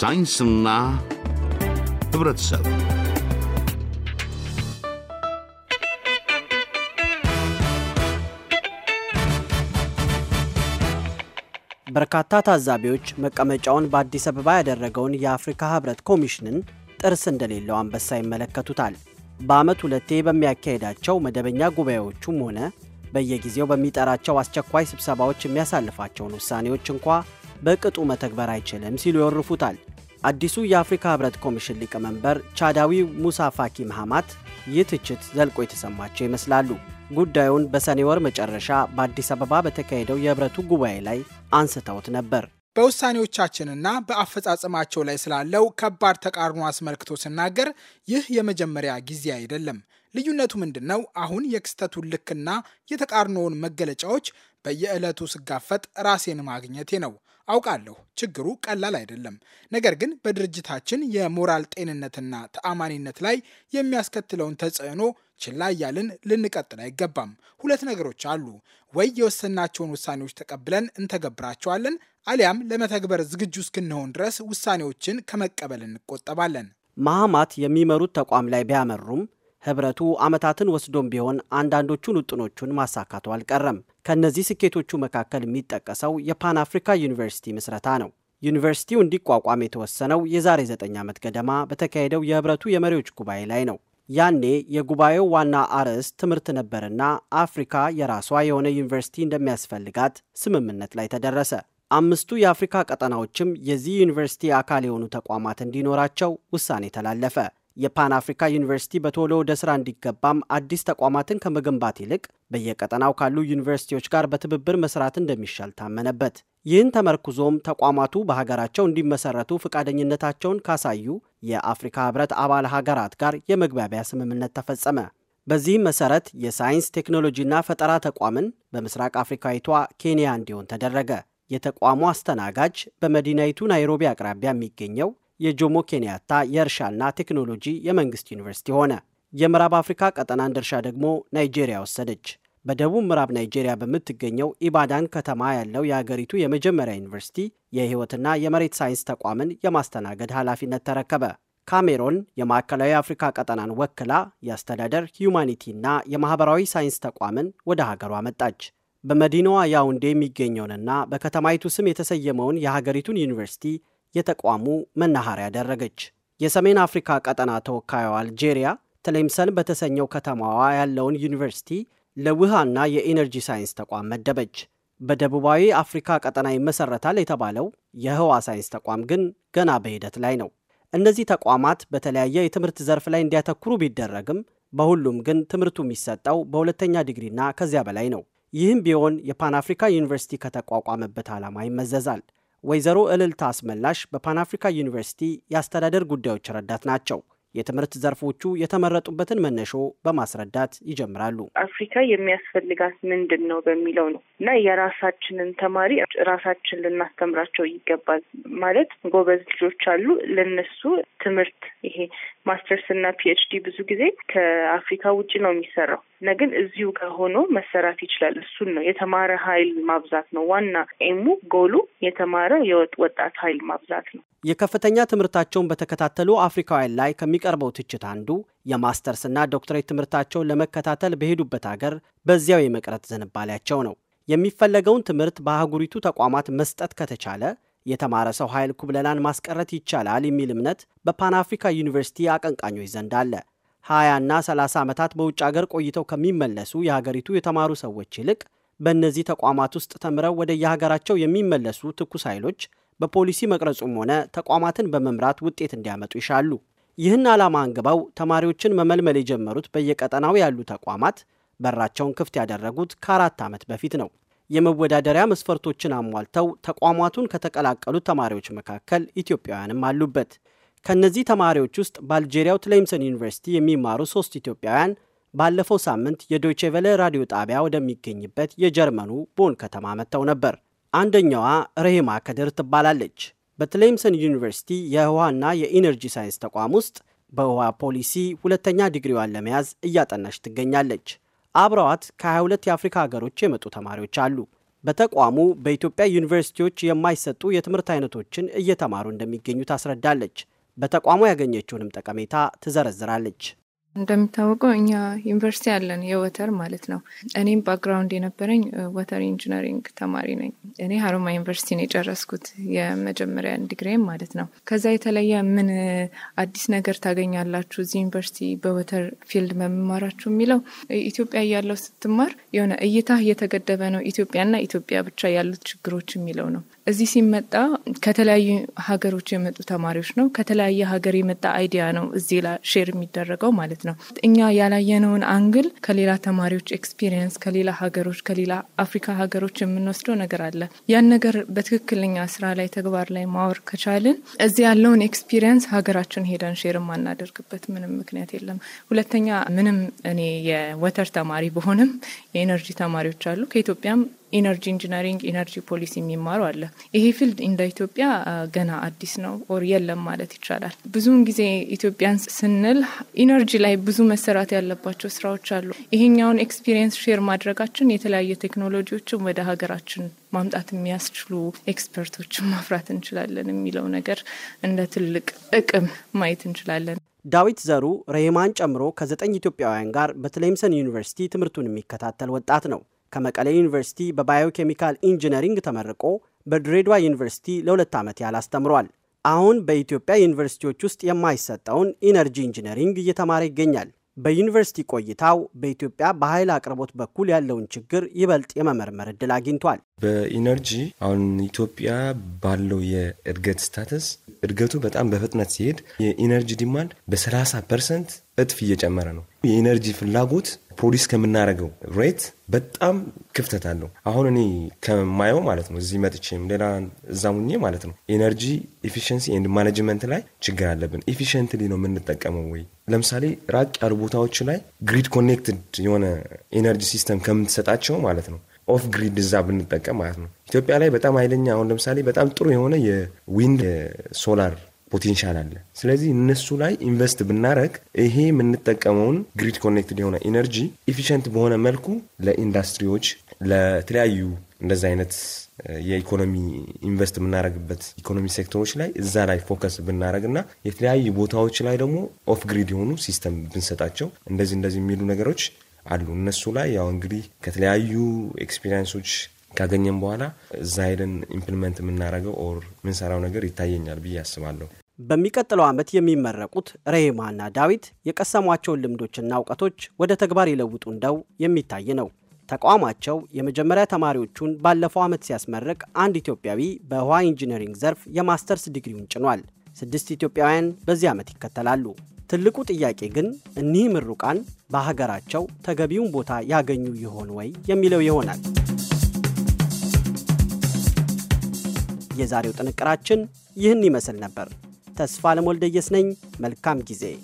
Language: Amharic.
ሳይንስና ህብረተሰብ በርካታ ታዛቢዎች መቀመጫውን በአዲስ አበባ ያደረገውን የአፍሪካ ህብረት ኮሚሽንን ጥርስ እንደሌለው አንበሳ ይመለከቱታል። በዓመት ሁለቴ በሚያካሄዳቸው መደበኛ ጉባኤዎቹም ሆነ በየጊዜው በሚጠራቸው አስቸኳይ ስብሰባዎች የሚያሳልፋቸውን ውሳኔዎች እንኳ በቅጡ መተግበር አይችልም ሲሉ ይወርፉታል። አዲሱ የአፍሪካ ህብረት ኮሚሽን ሊቀመንበር ቻዳዊ ሙሳ ፋኪ መሐማት ይህ ትችት ዘልቆ የተሰማቸው ይመስላሉ። ጉዳዩን በሰኔ ወር መጨረሻ በአዲስ አበባ በተካሄደው የህብረቱ ጉባኤ ላይ አንስተውት ነበር። በውሳኔዎቻችንና በአፈጻጸማቸው ላይ ስላለው ከባድ ተቃርኖ አስመልክቶ ስናገር ይህ የመጀመሪያ ጊዜ አይደለም። ልዩነቱ ምንድን ነው? አሁን የክስተቱን ልክና የተቃርኖውን መገለጫዎች በየዕለቱ ስጋፈጥ ራሴን ማግኘቴ ነው። አውቃለሁ ችግሩ ቀላል አይደለም። ነገር ግን በድርጅታችን የሞራል ጤንነትና ተአማኒነት ላይ የሚያስከትለውን ተጽዕኖ ችላ እያልን ልንቀጥል አይገባም። ሁለት ነገሮች አሉ። ወይ የወሰናቸውን ውሳኔዎች ተቀብለን እንተገብራቸዋለን፣ አሊያም ለመተግበር ዝግጁ እስክንሆን ድረስ ውሳኔዎችን ከመቀበል እንቆጠባለን። ማህማት የሚመሩት ተቋም ላይ ቢያመሩም ህብረቱ ዓመታትን ወስዶም ቢሆን አንዳንዶቹን ውጥኖቹን ማሳካቱ አልቀረም። ከእነዚህ ስኬቶቹ መካከል የሚጠቀሰው የፓን አፍሪካ ዩኒቨርሲቲ ምስረታ ነው። ዩኒቨርሲቲው እንዲቋቋም የተወሰነው የዛሬ ዘጠኝ ዓመት ገደማ በተካሄደው የህብረቱ የመሪዎች ጉባኤ ላይ ነው። ያኔ የጉባኤው ዋና አርዕስት ትምህርት ነበርና አፍሪካ የራሷ የሆነ ዩኒቨርሲቲ እንደሚያስፈልጋት ስምምነት ላይ ተደረሰ። አምስቱ የአፍሪካ ቀጠናዎችም የዚህ ዩኒቨርሲቲ አካል የሆኑ ተቋማት እንዲኖራቸው ውሳኔ ተላለፈ። የፓን አፍሪካ ዩኒቨርሲቲ በቶሎ ወደ ስራ እንዲገባም አዲስ ተቋማትን ከመገንባት ይልቅ በየቀጠናው ካሉ ዩኒቨርሲቲዎች ጋር በትብብር መስራት እንደሚሻል ታመነበት። ይህን ተመርኩዞም ተቋማቱ በሀገራቸው እንዲመሰረቱ ፈቃደኝነታቸውን ካሳዩ የአፍሪካ ህብረት አባል ሀገራት ጋር የመግባቢያ ስምምነት ተፈጸመ። በዚህም መሰረት የሳይንስ ቴክኖሎጂና ፈጠራ ተቋምን በምስራቅ አፍሪካዊቷ ኬንያ እንዲሆን ተደረገ። የተቋሙ አስተናጋጅ በመዲናይቱ ናይሮቢ አቅራቢያ የሚገኘው የጆሞ ኬንያታ የእርሻና ቴክኖሎጂ የመንግስት ዩኒቨርሲቲ ሆነ። የምዕራብ አፍሪካ ቀጠናን ድርሻ ደግሞ ናይጄሪያ ወሰደች። በደቡብ ምዕራብ ናይጄሪያ በምትገኘው ኢባዳን ከተማ ያለው የአገሪቱ የመጀመሪያ ዩኒቨርሲቲ የህይወትና የመሬት ሳይንስ ተቋምን የማስተናገድ ኃላፊነት ተረከበ። ካሜሮን የማዕከላዊ አፍሪካ ቀጠናን ወክላ የአስተዳደር ሂዩማኒቲና የማኅበራዊ ሳይንስ ተቋምን ወደ ሀገሯ መጣች። በመዲናዋ ያውንዴ የሚገኘውንና በከተማይቱ ስም የተሰየመውን የሀገሪቱን ዩኒቨርሲቲ የተቋሙ መናኸሪያ አደረገች። የሰሜን አፍሪካ ቀጠና ተወካዩ አልጄሪያ ትሌምሰን በተሰኘው ከተማዋ ያለውን ዩኒቨርሲቲ ለውሃና የኢነርጂ ሳይንስ ተቋም መደበች። በደቡባዊ አፍሪካ ቀጠና ይመሰረታል የተባለው የህዋ ሳይንስ ተቋም ግን ገና በሂደት ላይ ነው። እነዚህ ተቋማት በተለያየ የትምህርት ዘርፍ ላይ እንዲያተኩሩ ቢደረግም በሁሉም ግን ትምህርቱ የሚሰጠው በሁለተኛ ዲግሪና ከዚያ በላይ ነው። ይህም ቢሆን የፓን አፍሪካ ዩኒቨርሲቲ ከተቋቋመበት ዓላማ ይመዘዛል። ወይዘሮ እልልታ አስመላሽ በፓን አፍሪካ ዩኒቨርሲቲ የአስተዳደር ጉዳዮች ረዳት ናቸው። የትምህርት ዘርፎቹ የተመረጡበትን መነሾ በማስረዳት ይጀምራሉ። አፍሪካ የሚያስፈልጋት ምንድን ነው በሚለው ነው እና የራሳችንን ተማሪ ራሳችን ልናስተምራቸው ይገባል። ማለት ጎበዝ ልጆች አሉ፣ ለነሱ ትምህርት ይሄ ማስተርስ እና ፒኤችዲ ብዙ ጊዜ ከአፍሪካ ውጭ ነው የሚሰራው እና ግን እዚሁ ከሆኖ መሰራት ይችላል። እሱን ነው የተማረ ኃይል ማብዛት ነው ዋና ኤሙ ጎሉ የተማረ የወጣት ኃይል ማብዛት ነው። የከፍተኛ ትምህርታቸውን በተከታተሉ አፍሪካውያን ላይ ከሚቀርበው ትችት አንዱ የማስተርስና ዶክትሬት ትምህርታቸውን ለመከታተል በሄዱበት ሀገር በዚያው የመቅረት ዝንባሌያቸው ነው። የሚፈለገውን ትምህርት በአህጉሪቱ ተቋማት መስጠት ከተቻለ የተማረ ሰው ኃይል ኩብለላን ማስቀረት ይቻላል የሚል እምነት በፓን አፍሪካ ዩኒቨርሲቲ አቀንቃኞች ዘንድ አለ። 20ና 30 ዓመታት በውጭ አገር ቆይተው ከሚመለሱ የሀገሪቱ የተማሩ ሰዎች ይልቅ በእነዚህ ተቋማት ውስጥ ተምረው ወደ የሀገራቸው የሚመለሱ ትኩስ ኃይሎች በፖሊሲ መቅረጹም ሆነ ተቋማትን በመምራት ውጤት እንዲያመጡ ይሻሉ። ይህን ዓላማ አንግበው ተማሪዎችን መመልመል የጀመሩት በየቀጠናው ያሉ ተቋማት በራቸውን ክፍት ያደረጉት ከአራት ዓመት በፊት ነው። የመወዳደሪያ መስፈርቶችን አሟልተው ተቋማቱን ከተቀላቀሉት ተማሪዎች መካከል ኢትዮጵያውያንም አሉበት። ከእነዚህ ተማሪዎች ውስጥ በአልጄሪያው ትሌምሰን ዩኒቨርሲቲ የሚማሩ ሶስት ኢትዮጵያውያን ባለፈው ሳምንት የዶይቼ ቬለ ራዲዮ ጣቢያ ወደሚገኝበት የጀርመኑ ቦን ከተማ መጥተው ነበር። አንደኛዋ ረሄማ ከድር ትባላለች። በትሌምሰን ዩኒቨርሲቲ የውሃና የኢነርጂ ሳይንስ ተቋም ውስጥ በውሃ ፖሊሲ ሁለተኛ ዲግሪዋን ለመያዝ እያጠናች ትገኛለች። አብረዋት ከ22 የአፍሪካ ሀገሮች የመጡ ተማሪዎች አሉ። በተቋሙ በኢትዮጵያ ዩኒቨርሲቲዎች የማይሰጡ የትምህርት አይነቶችን እየተማሩ እንደሚገኙ ታስረዳለች። በተቋሙ ያገኘችውንም ጠቀሜታ ትዘረዝራለች። እንደሚታወቀው እኛ ዩኒቨርሲቲ ያለን የወተር ማለት ነው። እኔም ባክግራውንድ የነበረኝ ወተር ኢንጂነሪንግ ተማሪ ነኝ። እኔ ሀሮማ ዩኒቨርሲቲ ነው የጨረስኩት የመጀመሪያ ዲግሪም ማለት ነው። ከዛ የተለየ ምን አዲስ ነገር ታገኛላችሁ እዚህ ዩኒቨርሲቲ በወተር ፊልድ መማራችሁ የሚለው ኢትዮጵያ እያለው ስትማር የሆነ እይታ እየተገደበ ነው ኢትዮጵያና ኢትዮጵያ ብቻ ያሉት ችግሮች የሚለው ነው። እዚህ ሲመጣ ከተለያዩ ሀገሮች የመጡ ተማሪዎች ነው። ከተለያየ ሀገር የመጣ አይዲያ ነው እዚህ ላ ሼር የሚደረገው ማለት ነው። እኛ ያላየነውን አንግል ከሌላ ተማሪዎች ኤክስፒሪየንስ፣ ከሌላ ሀገሮች፣ ከሌላ አፍሪካ ሀገሮች የምንወስደው ነገር አለ። ያን ነገር በትክክለኛ ስራ ላይ ተግባር ላይ ማወር ከቻልን እዚህ ያለውን ኤክስፒሪየንስ ሀገራችን ሄደን ሼር የማናደርግበት ምንም ምክንያት የለም። ሁለተኛ ምንም እኔ የወተር ተማሪ ብሆንም የኤነርጂ ተማሪዎች አሉ ከኢትዮጵያም ኢነርጂ ኢንጂነሪንግ፣ ኢነርጂ ፖሊሲ የሚማሩ አለ። ይሄ ፊልድ እንደ ኢትዮጵያ ገና አዲስ ነው ኦር የለም ማለት ይቻላል። ብዙውን ጊዜ ኢትዮጵያን ስንል ኢነርጂ ላይ ብዙ መሰራት ያለባቸው ስራዎች አሉ። ይሄኛውን ኤክስፒሪየንስ ሼር ማድረጋችን የተለያየ ቴክኖሎጂዎችን ወደ ሀገራችን ማምጣት የሚያስችሉ ኤክስፐርቶችን ማፍራት እንችላለን የሚለው ነገር እንደ ትልቅ ጥቅም ማየት እንችላለን። ዳዊት ዘሩ ረሄማን ጨምሮ ከዘጠኝ ኢትዮጵያውያን ጋር በትሌምሰን ዩኒቨርሲቲ ትምህርቱን የሚከታተል ወጣት ነው። ከመቀሌ ዩኒቨርሲቲ በባዮኬሚካል ኢንጂነሪንግ ተመርቆ በድሬዳዋ ዩኒቨርሲቲ ለሁለት ዓመት ያህል አስተምሯል። አሁን በኢትዮጵያ ዩኒቨርሲቲዎች ውስጥ የማይሰጠውን ኢነርጂ ኢንጂነሪንግ እየተማረ ይገኛል። በዩኒቨርሲቲ ቆይታው በኢትዮጵያ በኃይል አቅርቦት በኩል ያለውን ችግር ይበልጥ የመመርመር እድል አግኝቷል። በኢነርጂ አሁን ኢትዮጵያ ባለው የእድገት ስታተስ እድገቱ በጣም በፍጥነት ሲሄድ የኢነርጂ ዲማንድ በ30 ፐርሰንት እጥፍ እየጨመረ ነው። የኤነርጂ ፍላጎት ፕሮዲስ ከምናደርገው ሬት በጣም ክፍተት አለው። አሁን እኔ ከማየው ማለት ነው እዚህ መጥቼም ሌላ እዛ ሙኜ ማለት ነው ኤነርጂ ኤፊሽንሲ ኤንድ ማኔጅመንት ላይ ችግር አለብን። ኤፊሽንትሊ ነው የምንጠቀመው ወይ? ለምሳሌ ራቅ ያሉ ቦታዎች ላይ ግሪድ ኮኔክትድ የሆነ ኤነርጂ ሲስተም ከምትሰጣቸው ማለት ነው ኦፍ ግሪድ እዛ ብንጠቀም ማለት ነው ኢትዮጵያ ላይ በጣም ኃይለኛ አሁን ለምሳሌ በጣም ጥሩ የሆነ የዊንድ ሶላር ፖቴንሻል አለ። ስለዚህ እነሱ ላይ ኢንቨስት ብናረግ ይሄ የምንጠቀመውን ግሪድ ኮኔክትድ የሆነ ኢነርጂ ኢፊሽንት በሆነ መልኩ ለኢንዱስትሪዎች ለተለያዩ እንደዚ አይነት የኢኮኖሚ ኢንቨስት የምናደረግበት ኢኮኖሚ ሴክተሮች ላይ እዛ ላይ ፎከስ ብናደረግ እና የተለያዩ ቦታዎች ላይ ደግሞ ኦፍ ግሪድ የሆኑ ሲስተም ብንሰጣቸው እንደዚህ እንደዚህ የሚሉ ነገሮች አሉ። እነሱ ላይ ያው እንግዲህ ከተለያዩ ኤክስፔሪንሶች ካገኘም በኋላ እዛ ሄደን ኢምፕሊመንት የምናደርገው ኦር የምንሰራው ነገር ይታየኛል ብዬ አስባለሁ። በሚቀጥለው ዓመት የሚመረቁት ረሂማና ዳዊት የቀሰሟቸውን ልምዶችና እውቀቶች ወደ ተግባር ይለውጡ እንደው የሚታይ ነው። ተቋማቸው የመጀመሪያ ተማሪዎቹን ባለፈው ዓመት ሲያስመርቅ አንድ ኢትዮጵያዊ በውሃ ኢንጂነሪንግ ዘርፍ የማስተርስ ዲግሪውን ጭኗል። ስድስት ኢትዮጵያውያን በዚህ ዓመት ይከተላሉ። ትልቁ ጥያቄ ግን እኒህ ምሩቃን በሀገራቸው ተገቢውን ቦታ ያገኙ ይሆን ወይ የሚለው ይሆናል። የዛሬው ጥንቅራችን ይህን ይመስል ነበር። ተስፋ ለሞልደየስ ነኝ። መልካም ጊዜ